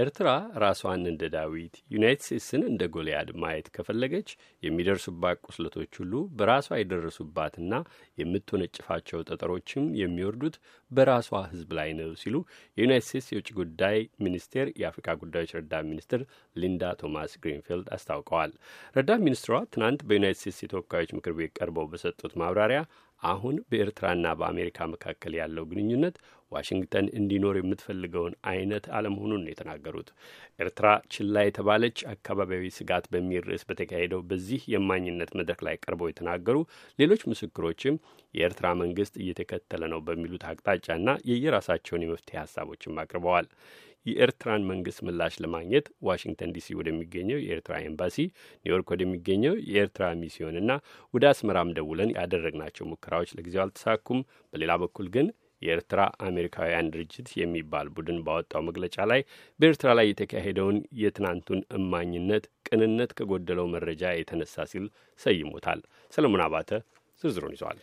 ኤርትራ ራሷን እንደ ዳዊት ዩናይት ስቴትስን እንደ ጎልያድ ማየት ከፈለገች የሚደርሱባት ቁስለቶች ሁሉ በራሷ የደረሱባትና የምትወነጭፋቸው ጠጠሮችም የሚወርዱት በራሷ ሕዝብ ላይ ነው ሲሉ የዩናይት ስቴትስ የውጭ ጉዳይ ሚኒስቴር የአፍሪካ ጉዳዮች ረዳት ሚኒስትር ሊንዳ ቶማስ ግሪንፊልድ አስታውቀዋል። ረዳት ሚኒስትሯ ትናንት በዩናይት ስቴትስ የተወካዮች ምክር ቤት ቀርበው በሰጡት ማብራሪያ አሁን በኤርትራና በአሜሪካ መካከል ያለው ግንኙነት ዋሽንግተን እንዲኖር የምትፈልገውን አይነት አለመሆኑን ነው የተናገሩት። ኤርትራ ችላ የተባለች አካባቢያዊ ስጋት በሚል ርዕስ በተካሄደው በዚህ የማኝነት መድረክ ላይ ቀርበው የተናገሩ ሌሎች ምስክሮችም የኤርትራ መንግስት እየተከተለ ነው በሚሉት አቅጣጫና የየራሳቸውን የመፍትሄ ሀሳቦችም አቅርበዋል። የኤርትራን መንግስት ምላሽ ለማግኘት ዋሽንግተን ዲሲ ወደሚገኘው የኤርትራ ኤምባሲ፣ ኒውዮርክ ወደሚገኘው የኤርትራ ሚስዮንና ወደ አስመራም ደውለን ያደረግናቸው ሙከራዎች ለጊዜው አልተሳኩም። በሌላ በኩል ግን የኤርትራ አሜሪካውያን ድርጅት የሚባል ቡድን ባወጣው መግለጫ ላይ በኤርትራ ላይ የተካሄደውን የትናንቱን እማኝነት ቅንነት ከጎደለው መረጃ የተነሳ ሲል ሰይሞታል። ሰለሞን አባተ ዝርዝሩን ይዟል።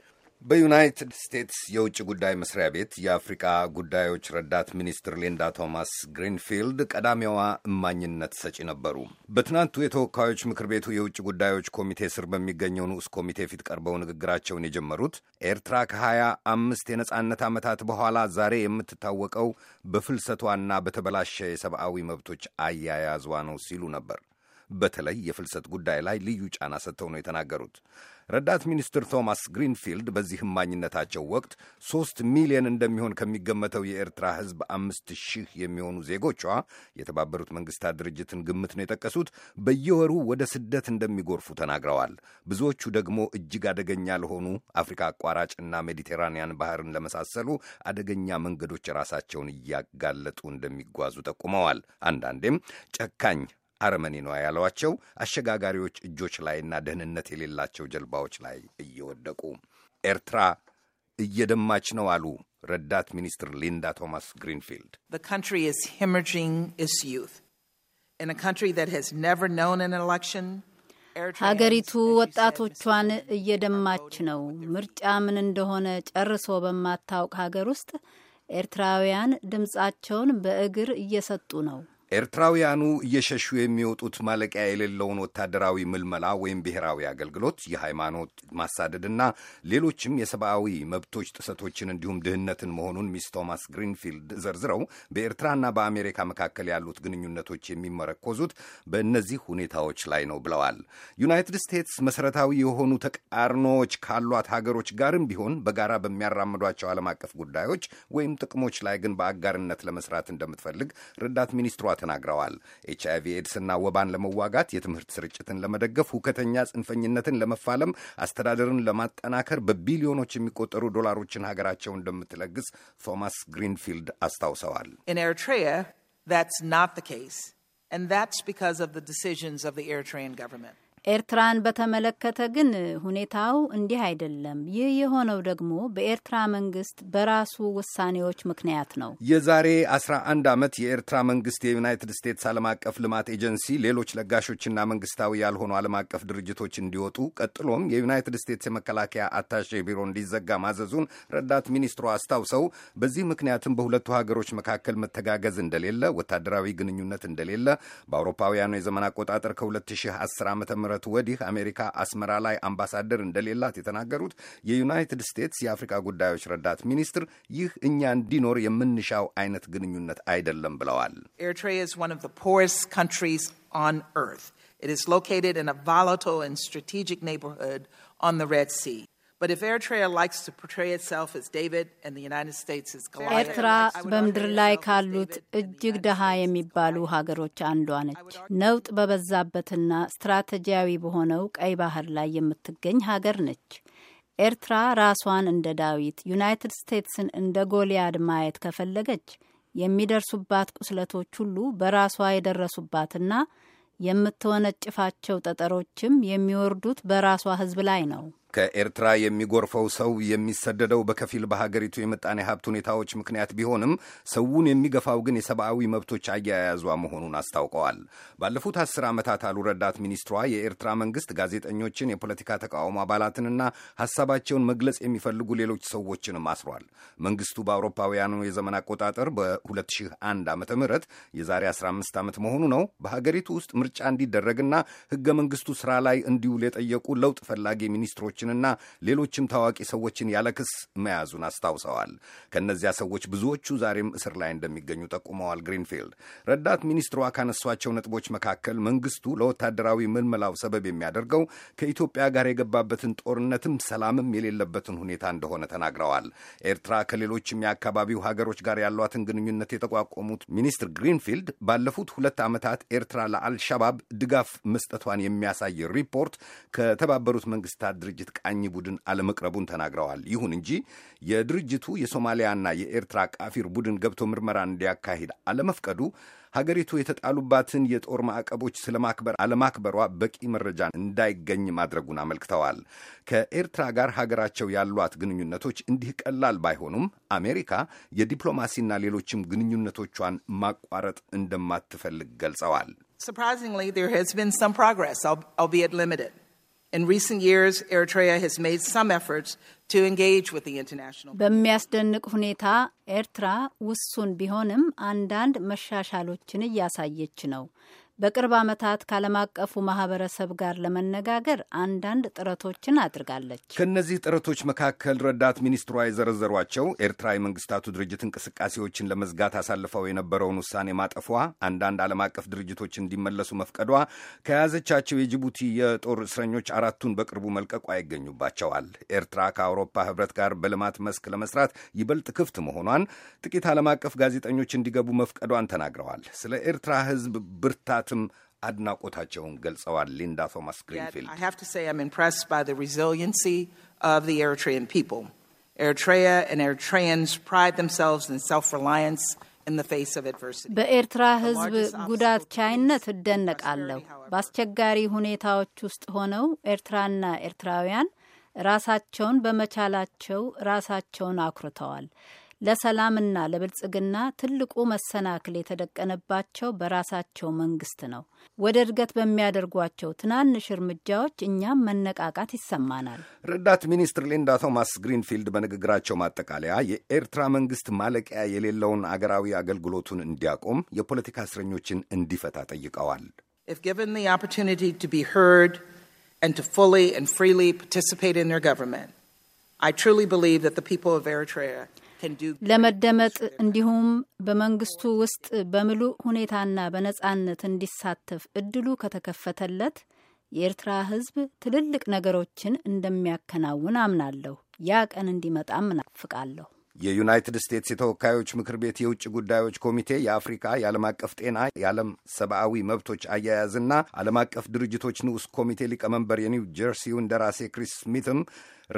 በዩናይትድ ስቴትስ የውጭ ጉዳይ መስሪያ ቤት የአፍሪቃ ጉዳዮች ረዳት ሚኒስትር ሊንዳ ቶማስ ግሪንፊልድ ቀዳሚዋ እማኝነት ሰጪ ነበሩ። በትናንቱ የተወካዮች ምክር ቤቱ የውጭ ጉዳዮች ኮሚቴ ስር በሚገኘው ንዑስ ኮሚቴ ፊት ቀርበው ንግግራቸውን የጀመሩት ኤርትራ ከሀያ አምስት የነጻነት ዓመታት በኋላ ዛሬ የምትታወቀው በፍልሰቷና በተበላሸ የሰብአዊ መብቶች አያያዟ ነው ሲሉ ነበር። በተለይ የፍልሰት ጉዳይ ላይ ልዩ ጫና ሰጥተው ነው የተናገሩት። ረዳት ሚኒስትር ቶማስ ግሪንፊልድ በዚህ እማኝነታቸው ወቅት ሶስት ሚሊዮን እንደሚሆን ከሚገመተው የኤርትራ ሕዝብ አምስት ሺህ የሚሆኑ ዜጎቿ የተባበሩት መንግስታት ድርጅትን ግምት ነው የጠቀሱት በየወሩ ወደ ስደት እንደሚጎርፉ ተናግረዋል። ብዙዎቹ ደግሞ እጅግ አደገኛ ለሆኑ አፍሪካ አቋራጭና ሜዲቴራንያን ባህርን ለመሳሰሉ አደገኛ መንገዶች ራሳቸውን እያጋለጡ እንደሚጓዙ ጠቁመዋል። አንዳንዴም ጨካኝ አረመኔ ነው ያሏቸው አሸጋጋሪዎች እጆች ላይና ደህንነት የሌላቸው ጀልባዎች ላይ እየወደቁ ኤርትራ እየደማች ነው አሉ ረዳት ሚኒስትር ሊንዳ ቶማስ ግሪንፊልድ። ሀገሪቱ ወጣቶቿን እየደማች ነው። ምርጫ ምን እንደሆነ ጨርሶ በማታውቅ ሀገር ውስጥ ኤርትራውያን ድምፃቸውን በእግር እየሰጡ ነው። ኤርትራውያኑ እየሸሹ የሚወጡት ማለቂያ የሌለውን ወታደራዊ ምልመላ ወይም ብሔራዊ አገልግሎት፣ የሃይማኖት ማሳደድና ሌሎችም የሰብአዊ መብቶች ጥሰቶችን እንዲሁም ድህነትን መሆኑን ሚስ ቶማስ ግሪንፊልድ ዘርዝረው በኤርትራና በአሜሪካ መካከል ያሉት ግንኙነቶች የሚመረኮዙት በእነዚህ ሁኔታዎች ላይ ነው ብለዋል። ዩናይትድ ስቴትስ መሰረታዊ የሆኑ ተቃርኖዎች ካሏት ሀገሮች ጋርም ቢሆን በጋራ በሚያራምዷቸው ዓለም አቀፍ ጉዳዮች ወይም ጥቅሞች ላይ ግን በአጋርነት ለመስራት እንደምትፈልግ ረዳት ሚኒስትሯ ተናግረዋል። ኤች አይቪ ኤድስና ወባን ለመዋጋት፣ የትምህርት ስርጭትን ለመደገፍ፣ ሁከተኛ ጽንፈኝነትን ለመፋለም፣ አስተዳደርን ለማጠናከር በቢሊዮኖች የሚቆጠሩ ዶላሮችን ሀገራቸው እንደምትለግስ ቶማስ ግሪንፊልድ አስታውሰዋል። That's ስ ስ case. And that's because ኤርትራን በተመለከተ ግን ሁኔታው እንዲህ አይደለም። ይህ የሆነው ደግሞ በኤርትራ መንግስት በራሱ ውሳኔዎች ምክንያት ነው። የዛሬ 11 ዓመት የኤርትራ መንግስት የዩናይትድ ስቴትስ ዓለም አቀፍ ልማት ኤጀንሲ፣ ሌሎች ለጋሾችና መንግስታዊ ያልሆኑ ዓለም አቀፍ ድርጅቶች እንዲወጡ ቀጥሎም የዩናይትድ ስቴትስ የመከላከያ አታሼ ቢሮ እንዲዘጋ ማዘዙን ረዳት ሚኒስትሩ አስታውሰው በዚህ ምክንያትም በሁለቱ ሀገሮች መካከል መተጋገዝ እንደሌለ፣ ወታደራዊ ግንኙነት እንደሌለ በአውሮፓውያኑ የዘመን አቆጣጠር ከ2010 ዓ ም ምህረት ወዲህ አሜሪካ አስመራ ላይ አምባሳደር እንደሌላት የተናገሩት የዩናይትድ ስቴትስ የአፍሪካ ጉዳዮች ረዳት ሚኒስትር ይህ እኛ እንዲኖር የምንሻው አይነት ግንኙነት አይደለም ብለዋል። It is located in a volatile and strategic ኤርትራ በምድር ላይ ካሉት እጅግ ደሃ የሚባሉ ሀገሮች አንዷ ነች። ነውጥ በበዛበትና ስትራቴጂያዊ በሆነው ቀይ ባህር ላይ የምትገኝ ሀገር ነች። ኤርትራ ራሷን እንደ ዳዊት፣ ዩናይትድ ስቴትስን እንደ ጎልያድ ማየት ከፈለገች የሚደርሱባት ቁስለቶች ሁሉ በራሷ የደረሱባትና የምትወነጭፋቸው ጠጠሮችም የሚወርዱት በራሷ ሕዝብ ላይ ነው። ከኤርትራ የሚጎርፈው ሰው የሚሰደደው በከፊል በሀገሪቱ የምጣኔ ሀብት ሁኔታዎች ምክንያት ቢሆንም ሰውን የሚገፋው ግን የሰብአዊ መብቶች አያያዟ መሆኑን አስታውቀዋል። ባለፉት አስር ዓመታት አሉ ረዳት ሚኒስትሯ የኤርትራ መንግስት ጋዜጠኞችን፣ የፖለቲካ ተቃውሞ አባላትንና ሀሳባቸውን መግለጽ የሚፈልጉ ሌሎች ሰዎችንም አስሯል። መንግስቱ በአውሮፓውያኑ የዘመን አቆጣጠር በ2001 ዓ ም የዛሬ 15 ዓመት መሆኑ ነው በሀገሪቱ ውስጥ ምርጫ እንዲደረግና ህገ መንግስቱ ስራ ላይ እንዲውል የጠየቁ ለውጥ ፈላጊ ሚኒስትሮችን ሰዎችንና ሌሎችም ታዋቂ ሰዎችን ያለ ክስ መያዙን አስታውሰዋል። ከእነዚያ ሰዎች ብዙዎቹ ዛሬም እስር ላይ እንደሚገኙ ጠቁመዋል። ግሪንፊልድ ረዳት ሚኒስትሯ ካነሷቸው ነጥቦች መካከል መንግስቱ ለወታደራዊ ምልመላው ሰበብ የሚያደርገው ከኢትዮጵያ ጋር የገባበትን ጦርነትም ሰላምም የሌለበትን ሁኔታ እንደሆነ ተናግረዋል። ኤርትራ ከሌሎችም የአካባቢው ሀገሮች ጋር ያሏትን ግንኙነት የተቋቋሙት ሚኒስትር ግሪንፊልድ ባለፉት ሁለት ዓመታት ኤርትራ ለአልሻባብ ድጋፍ መስጠቷን የሚያሳይ ሪፖርት ከተባበሩት መንግስታት ድርጅት ድርጅት ቃኝ ቡድን አለመቅረቡን ተናግረዋል። ይሁን እንጂ የድርጅቱ የሶማሊያና የኤርትራ ቃፊር ቡድን ገብቶ ምርመራ እንዲያካሂድ አለመፍቀዱ ሀገሪቱ የተጣሉባትን የጦር ማዕቀቦች ስለማክበር አለማክበሯ በቂ መረጃ እንዳይገኝ ማድረጉን አመልክተዋል። ከኤርትራ ጋር ሀገራቸው ያሏት ግንኙነቶች እንዲህ ቀላል ባይሆኑም አሜሪካ የዲፕሎማሲና ሌሎችም ግንኙነቶቿን ማቋረጥ እንደማትፈልግ ገልጸዋል። In recent years, Eritrea has made some efforts to engage with the international በሚያስደንቅ በቅርብ ዓመታት ከዓለም አቀፉ ማህበረሰብ ጋር ለመነጋገር አንዳንድ ጥረቶችን አድርጋለች። ከእነዚህ ጥረቶች መካከል ረዳት ሚኒስትሯ የዘረዘሯቸው ኤርትራ የመንግስታቱ ድርጅት እንቅስቃሴዎችን ለመዝጋት አሳልፈው የነበረውን ውሳኔ ማጠፏ፣ አንዳንድ ዓለም አቀፍ ድርጅቶች እንዲመለሱ መፍቀዷ፣ ከያዘቻቸው የጅቡቲ የጦር እስረኞች አራቱን በቅርቡ መልቀቋ ይገኙባቸዋል። ኤርትራ ከአውሮፓ ህብረት ጋር በልማት መስክ ለመስራት ይበልጥ ክፍት መሆኗን፣ ጥቂት ዓለም አቀፍ ጋዜጠኞች እንዲገቡ መፍቀዷን ተናግረዋል። ስለ ኤርትራ ህዝብ ብርታት ለማብቃትም አድናቆታቸውን ገልጸዋል። ሊንዳ ቶማስ ግሪንፊልድ በኤርትራ ሕዝብ ጉዳት ቻይነት እደነቃለሁ። በአስቸጋሪ ሁኔታዎች ውስጥ ሆነው ኤርትራና ኤርትራውያን ራሳቸውን በመቻላቸው ራሳቸውን አኩርተዋል። ለሰላምና ለብልጽግና ትልቁ መሰናክል የተደቀነባቸው በራሳቸው መንግስት ነው። ወደ እድገት በሚያደርጓቸው ትናንሽ እርምጃዎች እኛም መነቃቃት ይሰማናል። ረዳት ሚኒስትር ሊንዳ ቶማስ ግሪንፊልድ በንግግራቸው ማጠቃለያ የኤርትራ መንግስት ማለቂያ የሌለውን አገራዊ አገልግሎቱን እንዲያቆም፣ የፖለቲካ እስረኞችን እንዲፈታ ጠይቀዋል። if given the opportunity to be heard and to fully and freely participate in their government, I truly believe that the people of Eritrea ለመደመጥ እንዲሁም በመንግስቱ ውስጥ በምሉእ ሁኔታና በነጻነት እንዲሳተፍ እድሉ ከተከፈተለት የኤርትራ ሕዝብ ትልልቅ ነገሮችን እንደሚያከናውን አምናለሁ። ያ ቀን እንዲመጣም እናፍቃለሁ። የዩናይትድ ስቴትስ የተወካዮች ምክር ቤት የውጭ ጉዳዮች ኮሚቴ የአፍሪካ የዓለም አቀፍ ጤና የዓለም ሰብአዊ መብቶች አያያዝና ዓለም አቀፍ ድርጅቶች ንዑስ ኮሚቴ ሊቀመንበር የኒው ጀርሲው እንደራሴ ክሪስ ስሚትም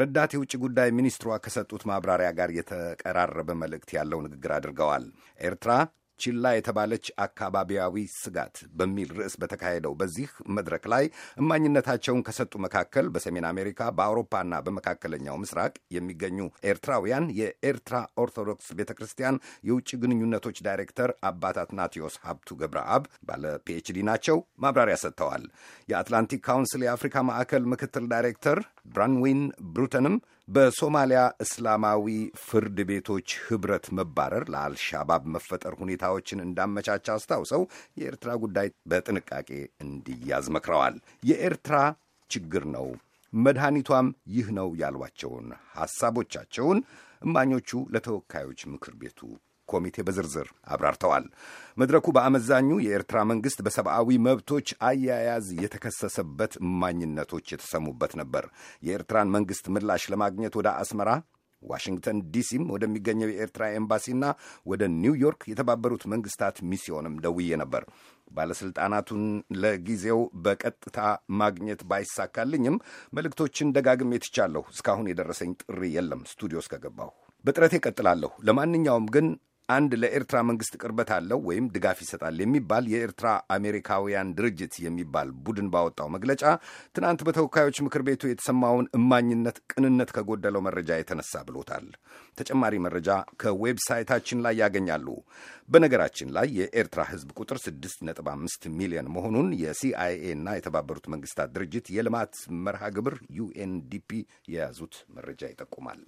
ረዳት የውጭ ጉዳይ ሚኒስትሯ ከሰጡት ማብራሪያ ጋር የተቀራረበ መልእክት ያለው ንግግር አድርገዋል። ኤርትራ ችላ የተባለች አካባቢያዊ ስጋት በሚል ርዕስ በተካሄደው በዚህ መድረክ ላይ እማኝነታቸውን ከሰጡ መካከል በሰሜን አሜሪካ በአውሮፓና በመካከለኛው ምስራቅ የሚገኙ ኤርትራውያን የኤርትራ ኦርቶዶክስ ቤተ ክርስቲያን የውጭ ግንኙነቶች ዳይሬክተር አባት አትናቴዎስ ሀብቱ ገብረአብ ባለ ፒኤችዲ ናቸው፣ ማብራሪያ ሰጥተዋል። የአትላንቲክ ካውንስል የአፍሪካ ማዕከል ምክትል ዳይሬክተር ብራንዊን ብሩተንም በሶማሊያ እስላማዊ ፍርድ ቤቶች ኅብረት መባረር ለአልሻባብ መፈጠር ሁኔታዎችን እንዳመቻቸ አስታውሰው የኤርትራ ጉዳይ በጥንቃቄ እንዲያዝ መክረዋል። የኤርትራ ችግር ነው፣ መድኃኒቷም ይህ ነው ያሏቸውን ሐሳቦቻቸውን እማኞቹ ለተወካዮች ምክር ቤቱ ኮሚቴ በዝርዝር አብራርተዋል። መድረኩ በአመዛኙ የኤርትራ መንግሥት በሰብአዊ መብቶች አያያዝ የተከሰሰበት እማኝነቶች የተሰሙበት ነበር። የኤርትራን መንግሥት ምላሽ ለማግኘት ወደ አስመራ ዋሽንግተን ዲሲም ወደሚገኘው የኤርትራ ኤምባሲና ወደ ኒውዮርክ የተባበሩት መንግስታት ሚስዮንም ደውዬ ነበር። ባለሥልጣናቱን ለጊዜው በቀጥታ ማግኘት ባይሳካልኝም መልእክቶችን ደጋግሜ ትቻለሁ። እስካሁን የደረሰኝ ጥሪ የለም። ስቱዲዮ እስከገባሁ በጥረቴ እቀጥላለሁ። ለማንኛውም ግን አንድ ለኤርትራ መንግስት ቅርበት አለው ወይም ድጋፍ ይሰጣል የሚባል የኤርትራ አሜሪካውያን ድርጅት የሚባል ቡድን ባወጣው መግለጫ ትናንት በተወካዮች ምክር ቤቱ የተሰማውን እማኝነት ቅንነት ከጎደለው መረጃ የተነሳ ብሎታል። ተጨማሪ መረጃ ከዌብሳይታችን ላይ ያገኛሉ። በነገራችን ላይ የኤርትራ ህዝብ ቁጥር 6.5 ሚሊዮን መሆኑን የሲአይኤ እና የተባበሩት መንግስታት ድርጅት የልማት መርሃ ግብር ዩኤንዲፒ የያዙት መረጃ ይጠቁማል።